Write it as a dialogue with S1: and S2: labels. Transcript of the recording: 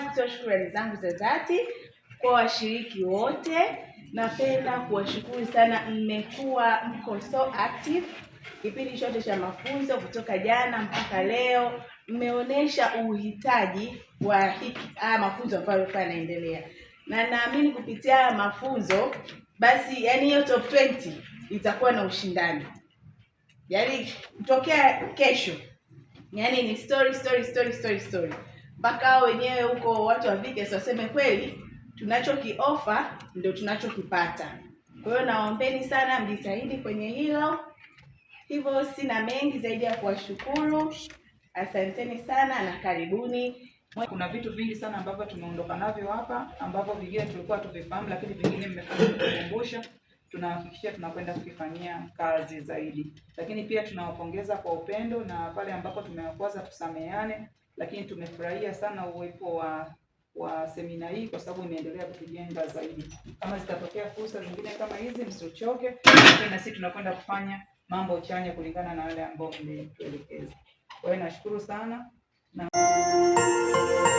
S1: kutoa shukrani zangu za dhati kwa washiriki wote. Napenda kuwashukuru sana, mmekuwa mko so active kipindi chote cha mafunzo kutoka jana mpaka leo. Mmeonyesha uhitaji wa hiki haya mafunzo ambayo yalikuwa yanaendelea, na naamini kupitia haya mafunzo basi, yani hiyo top 20 itakuwa na ushindani, yani kutokea kesho, yani ni story story story story story mpaka wenyewe huko watu wa Vickers waseme kweli tunachokiofa ndio tunachokipata. Kwa hiyo naombeni sana mjitahidi kwenye hilo. Hivyo sina mengi zaidi ya kuwashukuru, asanteni sana na karibuni. Kuna vitu vingi sana ambavyo tumeondoka navyo hapa ambavyo vingine tulikuwa tuvifahamu, lakini vingine mmefanya kukumbusha, tunahakikisha tunakwenda kukifanyia kazi zaidi. Lakini pia tunawapongeza kwa upendo, na pale ambapo tumewakwaza tusameane lakini tumefurahia sana uwepo wa wa semina hii kwa sababu imeendelea kutujenga zaidi. Kama zitatokea fursa zingine kama hizi, msichoke, na sisi tunakwenda kufanya mambo chanya kulingana na wale ambao mmetuelekeza. Kwa hiyo nashukuru sana na